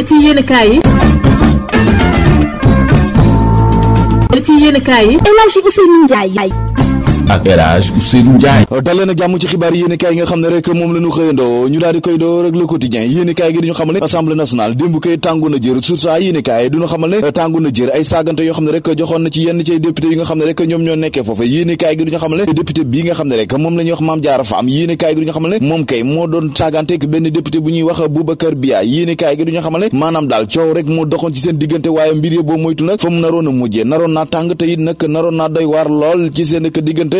ba ci yenn kaay yi. ba ci yenn kaay yi. El Hadji Ousseynou ak El Hadj Ousseynou Ndiaye dalee jàmm ci xibaar yéen gi duñu xamal ne maanaam daal coow rek moo doxoon ci seen diggante waaye mbir yëpp boo moytu nag fa mu naroon a mujjee naroon naa tàng te it naroon naa doy waar lool ci seen diggante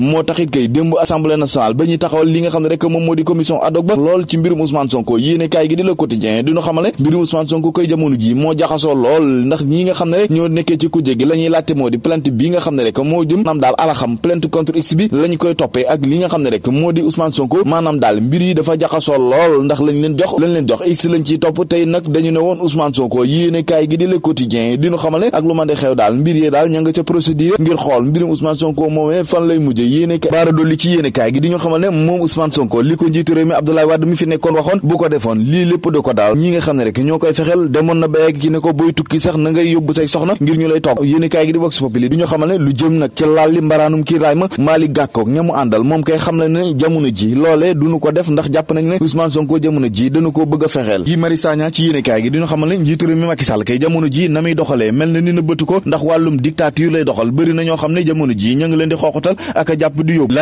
moo taxit kay démb assemblée nationale ba ñuy taxawal li nga xam ne rek moom moo di commission ad hoc ba lool ci mbirum Ousmane Sonko yéene kaay gi di Le Quotidien di ñu xamale mbirum Ousmane Sonko koy jamono ji moo jaxasoo lool ndax ñi nga xam ne rek ñoo nekkee ci kujje gi la ñuy laajte moo di plainte bi nga xam ne rek moo jëm maanaam daal alaxam plainte contre x bi la ñu koy toppee ak li nga xam ne rek moo di Ousmane Sonko maanaam daal mbir yi dafa jaxasoo lool ndax lañ leen jox lañ leen jox x lañ ciy topp tey nag dañu ne woon Ousmane Sonko yéene kaay gi di Le Quotidien di ñu xamale ak lu man di xew daal mbir yi daal ña nga ca procédure ngir xool mbirum Ousmane Sonko moomee fan lay mujj yéene kaay baara dolli ci yéene kaay gi di ñu xamal ne moom Ousmane Sonko li ko njiitu mi Abdoulaye Wade mi fi nekkoon waxoon bu ko defoon lii lépp da ko daal ñi nga xam ne rek ñoo koy fexel demoon na béyeg ci ci laal mbaraanum kii ma Malick Gakou ñamu àndal moom kay xam ne jamono ji loolee duñu ko def ndax jàpp nañ ne Ousmane Sonko jamono ji dañu ko bëgg a fexeel yi Mari Sagna ci yéene kaay gi di ñu xamal ne njiitu mi Macky Sall kay jamono ji na muy mel na daanaka di yóbbu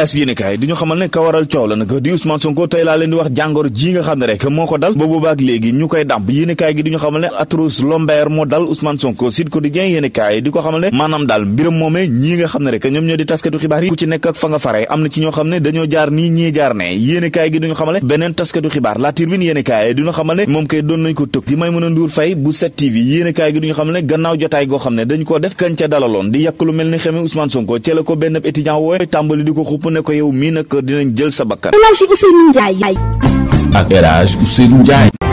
xamal ne ka coow la nag di Ousmane Sonko tey laa leen di wax jàngoro ji nga xamal ne atroce lombaire moo dal Ousmane Sonko Sud ko di taskatu xibaar kaay gi duñu xamal ne moom kay doon nañ ko tëkk di Maimouna Ndour Faye bu 7TV yéene kaay gi duñu xamal ne gannaaw jotaay goo xam ne dañ ko def kañ ca dalaloon di yàq mel ni xeme Ousmane Sonko ci ko benn étudiant wooy tàmbali di ko xupp ne ko yow mii nag dinañ jël sa bakkan. El Hadj Ousseynou Ndiaye. ak El Hadj Ousseynou Ndiaye.